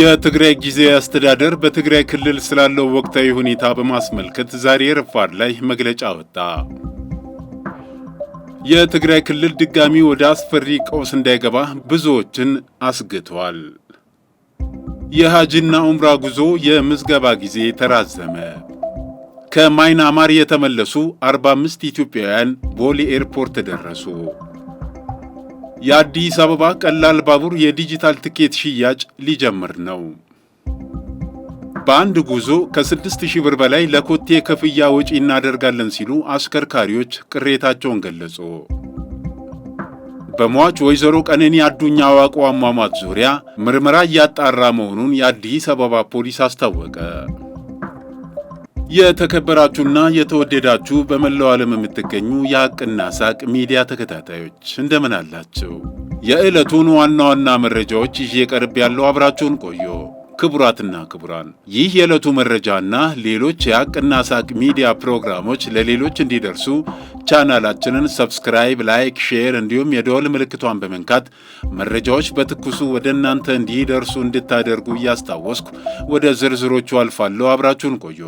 የትግራይ ጊዜያዊ አስተዳደር በትግራይ ክልል ስላለው ወቅታዊ ሁኔታ በማስመልከት ዛሬ ረፋድ ላይ መግለጫ ወጣ። የትግራይ ክልል ድጋሚ ወደ አስፈሪ ቀውስ እንዳይገባ ብዙዎችን አስግቷል። የሐጅና ዑምራ ጉዞ የምዝገባ ጊዜ ተራዘመ። ከማይናማር የተመለሱ 45 ኢትዮጵያውያን ቦሌ ኤርፖርት ደረሱ። የአዲስ አበባ ቀላል ባቡር የዲጂታል ትኬት ሽያጭ ሊጀምር ነው። በአንድ ጉዞ ከ ሺህ ብር በላይ ለኮቴ ክፍያ ወጪ እናደርጋለን ሲሉ አሽከርካሪዎች ቅሬታቸውን ገለጹ። በሟች ወይዘሮ ቀነኒ አዱኛ አዋቁ አሟሟት ዙሪያ ምርመራ እያጣራ መሆኑን የአዲስ አበባ ፖሊስ አስታወቀ። የተከበራችሁና የተወደዳችሁ በመላው ዓለም የምትገኙ የሐቅና ሳቅ ሚዲያ ተከታታዮች እንደምን አላችሁ? የዕለቱን ዋና ዋና መረጃዎች ይዤ ቀርብ ያለው አብራችሁን ቆዩ። ክቡራትና ክቡራን ይህ የዕለቱ መረጃና ሌሎች የሐቅና ሳቅ ሚዲያ ፕሮግራሞች ለሌሎች እንዲደርሱ ቻናላችንን ሰብስክራይብ፣ ላይክ፣ ሼር እንዲሁም የደወል ምልክቷን በመንካት መረጃዎች በትኩሱ ወደ እናንተ እንዲደርሱ እንድታደርጉ እያስታወስኩ ወደ ዝርዝሮቹ አልፋለሁ። አብራችሁን ቆዩ።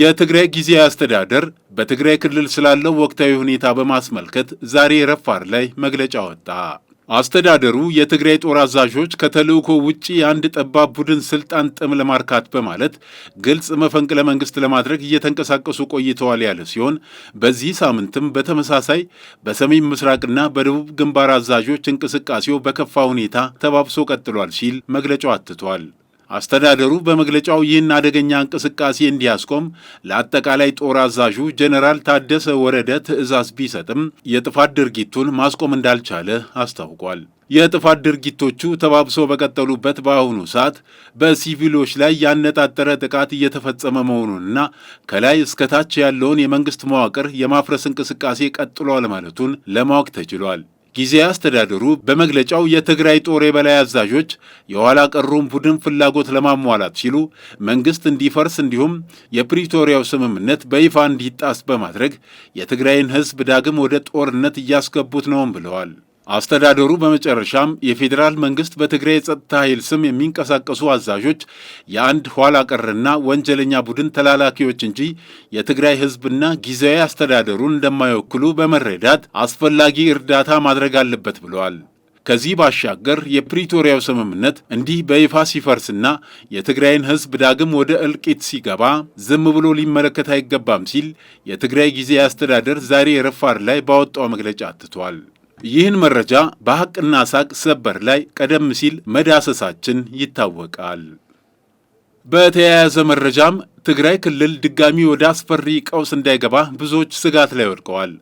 የትግራይ ጊዜያዊ አስተዳደር በትግራይ ክልል ስላለው ወቅታዊ ሁኔታ በማስመልከት ዛሬ ረፋር ላይ መግለጫ ወጣ። አስተዳደሩ የትግራይ ጦር አዛዦች ከተልእኮ ውጪ የአንድ ጠባብ ቡድን ስልጣን ጥም ለማርካት በማለት ግልጽ መፈንቅለ መንግስት ለማድረግ እየተንቀሳቀሱ ቆይተዋል ያለ ሲሆን በዚህ ሳምንትም በተመሳሳይ በሰሜን ምስራቅና በደቡብ ግንባር አዛዦች እንቅስቃሴው በከፋ ሁኔታ ተባብሶ ቀጥሏል ሲል መግለጫው አትቷል። አስተዳደሩ በመግለጫው ይህን አደገኛ እንቅስቃሴ እንዲያስቆም ለአጠቃላይ ጦር አዛዡ ጀኔራል ታደሰ ወረደ ትዕዛዝ ቢሰጥም የጥፋት ድርጊቱን ማስቆም እንዳልቻለ አስታውቋል። የጥፋት ድርጊቶቹ ተባብሶ በቀጠሉበት በአሁኑ ሰዓት በሲቪሎች ላይ ያነጣጠረ ጥቃት እየተፈጸመ መሆኑንና ከላይ እስከታች ያለውን የመንግስት መዋቅር የማፍረስ እንቅስቃሴ ቀጥሏል ማለቱን ለማወቅ ተችሏል። ጊዜያዊ አስተዳደሩ በመግለጫው የትግራይ ጦር የበላይ አዛዦች የኋላ ቀሩን ቡድን ፍላጎት ለማሟላት ሲሉ መንግስት እንዲፈርስ እንዲሁም የፕሪቶሪያው ስምምነት በይፋ እንዲጣስ በማድረግ የትግራይን ህዝብ ዳግም ወደ ጦርነት እያስገቡት ነውም ብለዋል። አስተዳደሩ በመጨረሻም የፌዴራል መንግስት በትግራይ የጸጥታ ኃይል ስም የሚንቀሳቀሱ አዛዦች የአንድ ኋላ ቀርና ወንጀለኛ ቡድን ተላላኪዎች እንጂ የትግራይ ህዝብና ጊዜያዊ አስተዳደሩን እንደማይወክሉ በመረዳት አስፈላጊ እርዳታ ማድረግ አለበት ብለዋል። ከዚህ ባሻገር የፕሪቶሪያው ስምምነት እንዲህ በይፋ ሲፈርስና የትግራይን ህዝብ ዳግም ወደ እልቂት ሲገባ ዝም ብሎ ሊመለከት አይገባም ሲል የትግራይ ጊዜያዊ አስተዳደር ዛሬ ረፋድ ላይ ባወጣው መግለጫ አትቷል። ይህን መረጃ በሐቅና ሳቅ ሰበር ላይ ቀደም ሲል መዳሰሳችን ይታወቃል። በተያያዘ መረጃም ትግራይ ክልል ድጋሚ ወደ አስፈሪ ቀውስ እንዳይገባ ብዙዎች ስጋት ላይ ወድቀዋል።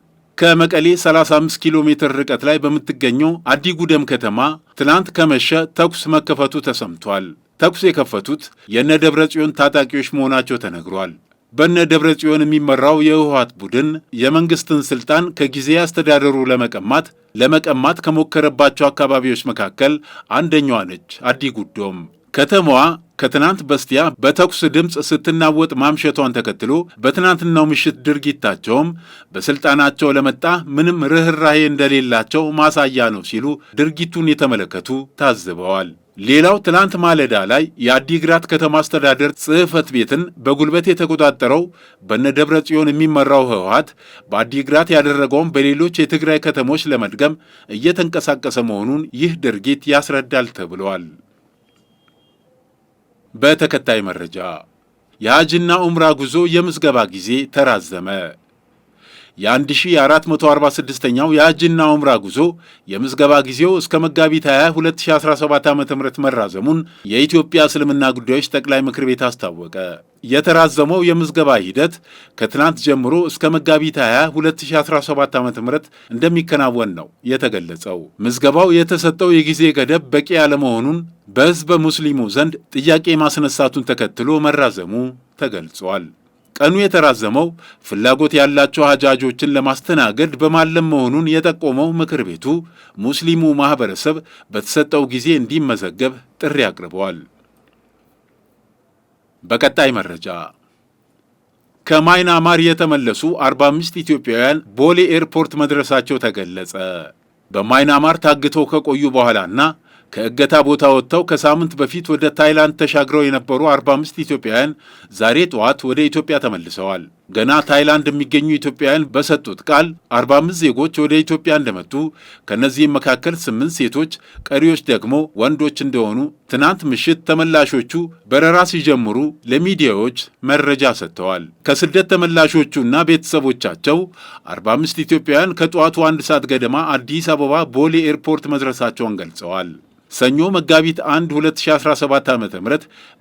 ከመቀሌ 35 ኪሎ ሜትር ርቀት ላይ በምትገኘው አዲጉደም ከተማ ትናንት ከመሸ ተኩስ መከፈቱ ተሰምቷል። ተኩስ የከፈቱት የነ ደብረ ጽዮን ታጣቂዎች መሆናቸው ተነግሯል። በነ ደብረ ጽዮን የሚመራው የህወሓት ቡድን የመንግስትን ስልጣን ከጊዜ አስተዳደሩ ለመቀማት ለመቀማት ከሞከረባቸው አካባቢዎች መካከል አንደኛዋ ነች አዲ ጉዶም። ከተማዋ ከትናንት በስቲያ በተኩስ ድምፅ ስትናወጥ ማምሸቷን ተከትሎ በትናንትናው ምሽት ድርጊታቸውም በስልጣናቸው ለመጣ ምንም ርኅራሄ እንደሌላቸው ማሳያ ነው ሲሉ ድርጊቱን የተመለከቱ ታዝበዋል። ሌላው ትናንት ማለዳ ላይ የአዲግራት ከተማ አስተዳደር ጽሕፈት ቤትን በጉልበት የተቆጣጠረው በነደብረ ጽዮን የሚመራው ህወሓት በአዲግራት ያደረገውን በሌሎች የትግራይ ከተሞች ለመድገም እየተንቀሳቀሰ መሆኑን ይህ ድርጊት ያስረዳል ተብለዋል። በተከታይ መረጃ የሐጅና ዑምራ ጉዞ የምዝገባ ጊዜ ተራዘመ። የ1446ኛው የሐጅና ዑምራ ጉዞ የምዝገባ ጊዜው እስከ መጋቢት 20 2017 ዓ ም መራዘሙን የኢትዮጵያ እስልምና ጉዳዮች ጠቅላይ ምክር ቤት አስታወቀ። የተራዘመው የምዝገባ ሂደት ከትናንት ጀምሮ እስከ መጋቢት 20 2017 ዓ ም እንደሚከናወን ነው የተገለጸው። ምዝገባው የተሰጠው የጊዜ ገደብ በቂ ያለመሆኑን በሕዝበ ሙስሊሙ ዘንድ ጥያቄ ማስነሳቱን ተከትሎ መራዘሙ ተገልጿል። ቀኑ የተራዘመው ፍላጎት ያላቸው አጃጆችን ለማስተናገድ በማለም መሆኑን የጠቆመው ምክር ቤቱ ሙስሊሙ ማኅበረሰብ በተሰጠው ጊዜ እንዲመዘገብ ጥሪ አቅርበዋል። በቀጣይ መረጃ ከማይናማር የተመለሱ 45 ኢትዮጵያውያን ቦሌ ኤርፖርት መድረሳቸው ተገለጸ። በማይናማር ታግተው ከቆዩ በኋላና ከእገታ ቦታ ወጥተው ከሳምንት በፊት ወደ ታይላንድ ተሻግረው የነበሩ 45 ኢትዮጵያውያን ዛሬ ጠዋት ወደ ኢትዮጵያ ተመልሰዋል። ገና ታይላንድ የሚገኙ ኢትዮጵያውያን በሰጡት ቃል 45 ዜጎች ወደ ኢትዮጵያ እንደመጡ ከእነዚህም መካከል ስምንት ሴቶች ቀሪዎች ደግሞ ወንዶች እንደሆኑ ትናንት ምሽት ተመላሾቹ በረራ ሲጀምሩ ለሚዲያዎች መረጃ ሰጥተዋል። ከስደት ተመላሾቹና ቤተሰቦቻቸው 45 ኢትዮጵያውያን ከጠዋቱ አንድ ሰዓት ገደማ አዲስ አበባ ቦሌ ኤርፖርት መድረሳቸውን ገልጸዋል። ሰኞ መጋቢት 1 2017 ዓ ም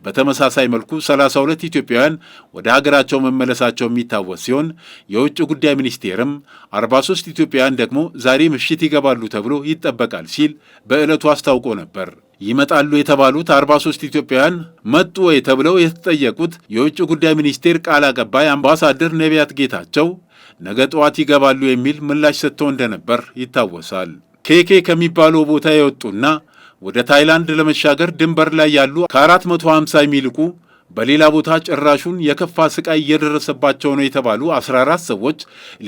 በተመሳሳይ መልኩ 32 ኢትዮጵያውያን ወደ ሀገራቸው መመለሳቸው የሚታወስ ሲሆን የውጭ ጉዳይ ሚኒስቴርም 43 ኢትዮጵያውያን ደግሞ ዛሬ ምሽት ይገባሉ ተብሎ ይጠበቃል ሲል በዕለቱ አስታውቆ ነበር። ይመጣሉ የተባሉት 43 ኢትዮጵያውያን መጡ ወይ ተብለው የተጠየቁት የውጭ ጉዳይ ሚኒስቴር ቃል አቀባይ አምባሳደር ነቢያት ጌታቸው ነገ ጠዋት ይገባሉ የሚል ምላሽ ሰጥተው እንደነበር ይታወሳል። ኬኬ ከሚባለው ቦታ የወጡና ወደ ታይላንድ ለመሻገር ድንበር ላይ ያሉ ከ450 የሚልቁ በሌላ ቦታ ጭራሹን የከፋ ስቃይ እየደረሰባቸው ነው የተባሉ 14 ሰዎች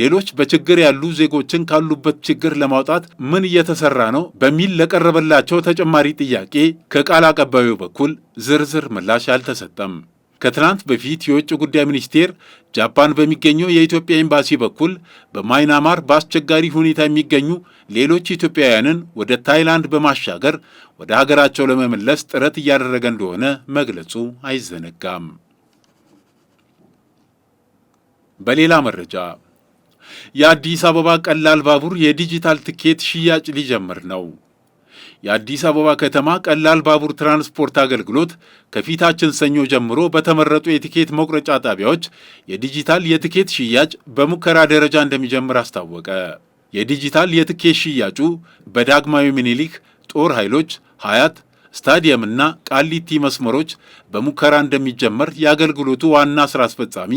ሌሎች በችግር ያሉ ዜጎችን ካሉበት ችግር ለማውጣት ምን እየተሰራ ነው በሚል ለቀረበላቸው ተጨማሪ ጥያቄ ከቃል አቀባዩ በኩል ዝርዝር ምላሽ አልተሰጠም። ከትናንት በፊት የውጭ ጉዳይ ሚኒስቴር ጃፓን በሚገኘው የኢትዮጵያ ኤምባሲ በኩል በማይናማር በአስቸጋሪ ሁኔታ የሚገኙ ሌሎች ኢትዮጵያውያንን ወደ ታይላንድ በማሻገር ወደ ሀገራቸው ለመመለስ ጥረት እያደረገ እንደሆነ መግለጹ አይዘነጋም። በሌላ መረጃ የአዲስ አበባ ቀላል ባቡር የዲጂታል ትኬት ሽያጭ ሊጀምር ነው። የአዲስ አበባ ከተማ ቀላል ባቡር ትራንስፖርት አገልግሎት ከፊታችን ሰኞ ጀምሮ በተመረጡ የትኬት መቁረጫ ጣቢያዎች የዲጂታል የትኬት ሽያጭ በሙከራ ደረጃ እንደሚጀምር አስታወቀ። የዲጂታል የትኬት ሽያጩ በዳግማዊ ምኒልክ ጦር ኃይሎች፣ ሀያት ስታዲየምና ቃሊቲ መስመሮች በሙከራ እንደሚጀመር የአገልግሎቱ ዋና ስራ አስፈጻሚ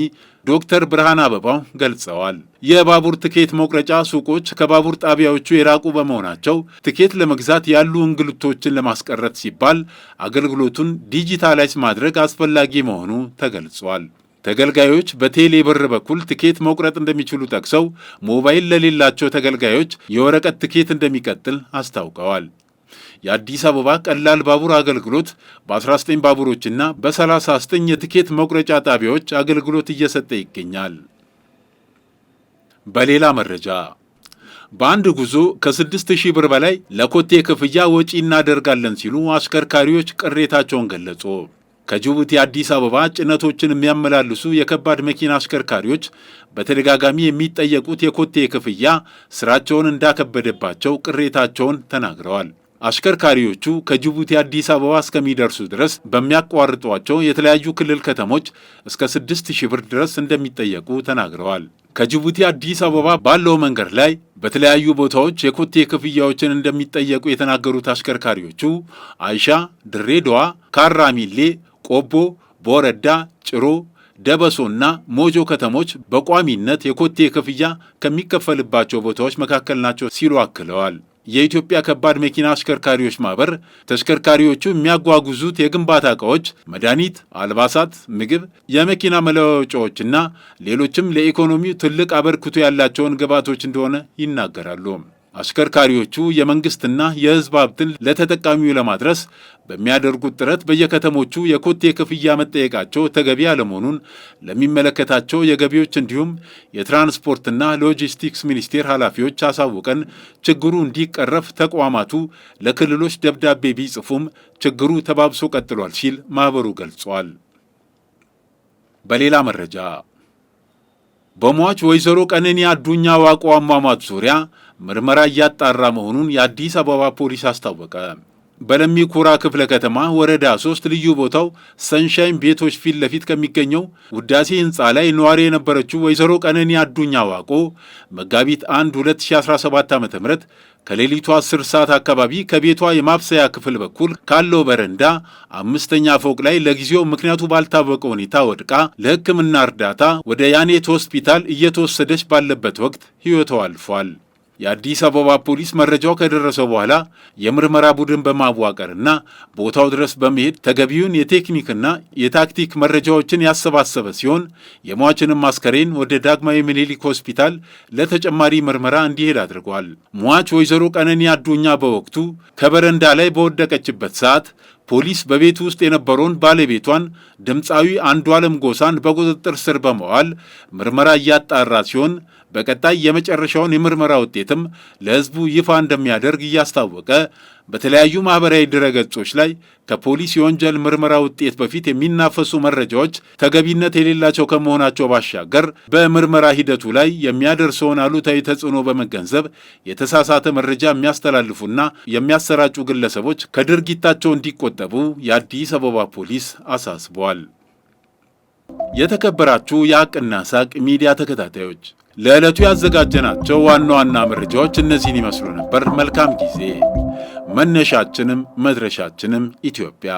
ዶክተር ብርሃን አበባው ገልጸዋል። የባቡር ትኬት መቁረጫ ሱቆች ከባቡር ጣቢያዎቹ የራቁ በመሆናቸው ትኬት ለመግዛት ያሉ እንግልቶችን ለማስቀረት ሲባል አገልግሎቱን ዲጂታላይዝ ማድረግ አስፈላጊ መሆኑ ተገልጿል። ተገልጋዮች በቴሌ ብር በኩል ትኬት መቁረጥ እንደሚችሉ ጠቅሰው ሞባይል ለሌላቸው ተገልጋዮች የወረቀት ትኬት እንደሚቀጥል አስታውቀዋል። የአዲስ አበባ ቀላል ባቡር አገልግሎት በ19 ባቡሮችና በ39 የትኬት መቁረጫ ጣቢያዎች አገልግሎት እየሰጠ ይገኛል። በሌላ መረጃ በአንድ ጉዞ ከ6000 ብር በላይ ለኮቴ ክፍያ ወጪ እናደርጋለን ሲሉ አሽከርካሪዎች ቅሬታቸውን ገለጹ። ከጅቡቲ አዲስ አበባ ጭነቶችን የሚያመላልሱ የከባድ መኪና አሽከርካሪዎች በተደጋጋሚ የሚጠየቁት የኮቴ ክፍያ ስራቸውን እንዳከበደባቸው ቅሬታቸውን ተናግረዋል። አሽከርካሪዎቹ ከጅቡቲ አዲስ አበባ እስከሚደርሱ ድረስ በሚያቋርጧቸው የተለያዩ ክልል ከተሞች እስከ ስድስት ሺህ ብር ድረስ እንደሚጠየቁ ተናግረዋል። ከጅቡቲ አዲስ አበባ ባለው መንገድ ላይ በተለያዩ ቦታዎች የኮቴ ክፍያዎችን እንደሚጠየቁ የተናገሩት አሽከርካሪዎቹ አይሻ፣ ድሬዳዋ፣ ካራሚሌ፣ ቆቦ፣ ቦረዳ፣ ጭሮ ደበሶና ሞጆ ከተሞች በቋሚነት የኮቴ ክፍያ ከሚከፈልባቸው ቦታዎች መካከል ናቸው ሲሉ አክለዋል። የኢትዮጵያ ከባድ መኪና አሽከርካሪዎች ማህበር ተሽከርካሪዎቹ የሚያጓጉዙት የግንባታ እቃዎች መድኃኒት፣ አልባሳት፣ ምግብ፣ የመኪና መለዋወጫዎችና ሌሎችም ለኢኮኖሚው ትልቅ አበርክቶ ያላቸውን ግብዓቶች እንደሆነ ይናገራሉ። አሽከርካሪዎቹ የመንግስትና የህዝብ ሀብትን ለተጠቃሚው ለማድረስ በሚያደርጉት ጥረት በየከተሞቹ የኮቴ ክፍያ መጠየቃቸው ተገቢ አለመሆኑን ለሚመለከታቸው የገቢዎች እንዲሁም የትራንስፖርትና ሎጂስቲክስ ሚኒስቴር ኃላፊዎች አሳውቀን ችግሩ እንዲቀረፍ ተቋማቱ ለክልሎች ደብዳቤ ቢጽፉም ችግሩ ተባብሶ ቀጥሏል ሲል ማኅበሩ ገልጿል። በሌላ መረጃ በሟች ወይዘሮ ቀነኒ አዱኛ ዋቆ አሟሟት ዙሪያ ምርመራ እያጣራ መሆኑን የአዲስ አበባ ፖሊስ አስታወቀ። በለሚ ኩራ ክፍለ ከተማ ወረዳ ሶስት ልዩ ቦታው ሰንሻይን ቤቶች ፊት ለፊት ከሚገኘው ውዳሴ ህንፃ ላይ ነዋሪ የነበረችው ወይዘሮ ቀነኒ አዱኛ ዋቆ መጋቢት 1 2017 ዓ ም ከሌሊቱ 10 ሰዓት አካባቢ ከቤቷ የማብሰያ ክፍል በኩል ካለው በረንዳ አምስተኛ ፎቅ ላይ ለጊዜው ምክንያቱ ባልታወቀ ሁኔታ ወድቃ ለሕክምና እርዳታ ወደ ያኔት ሆስፒታል እየተወሰደች ባለበት ወቅት ሕይወቷ አልፏል። የአዲስ አበባ ፖሊስ መረጃው ከደረሰው በኋላ የምርመራ ቡድን በማዋቀርና ቦታው ድረስ በመሄድ ተገቢውን የቴክኒክና የታክቲክ መረጃዎችን ያሰባሰበ ሲሆን የሟችንም አስከሬን ወደ ዳግማዊ ምኒልክ ሆስፒታል ለተጨማሪ ምርመራ እንዲሄድ አድርጓል። ሟች ወይዘሮ ቀነኒ አዱኛ በወቅቱ ከበረንዳ ላይ በወደቀችበት ሰዓት ፖሊስ በቤት ውስጥ የነበረውን ባለቤቷን ድምፃዊ አንዷለም ጎሳን በቁጥጥር ስር በመዋል ምርመራ እያጣራ ሲሆን በቀጣይ የመጨረሻውን የምርመራ ውጤትም ለሕዝቡ ይፋ እንደሚያደርግ እያስታወቀ በተለያዩ ማኅበራዊ ድረገጾች ላይ ከፖሊስ የወንጀል ምርመራ ውጤት በፊት የሚናፈሱ መረጃዎች ተገቢነት የሌላቸው ከመሆናቸው ባሻገር በምርመራ ሂደቱ ላይ የሚያደርሰውን አሉታዊ ተጽዕኖ በመገንዘብ የተሳሳተ መረጃ የሚያስተላልፉና የሚያሰራጩ ግለሰቦች ከድርጊታቸው እንዲቆጠቡ የአዲስ አበባ ፖሊስ አሳስበዋል። የተከበራችሁ የአቅና ሳቅ ሚዲያ ተከታታዮች ለዕለቱ ያዘጋጀናቸው ዋና ዋና መረጃዎች እነዚህን ይመስሉ ነበር። መልካም ጊዜ መነሻችንም መድረሻችንም ኢትዮጵያ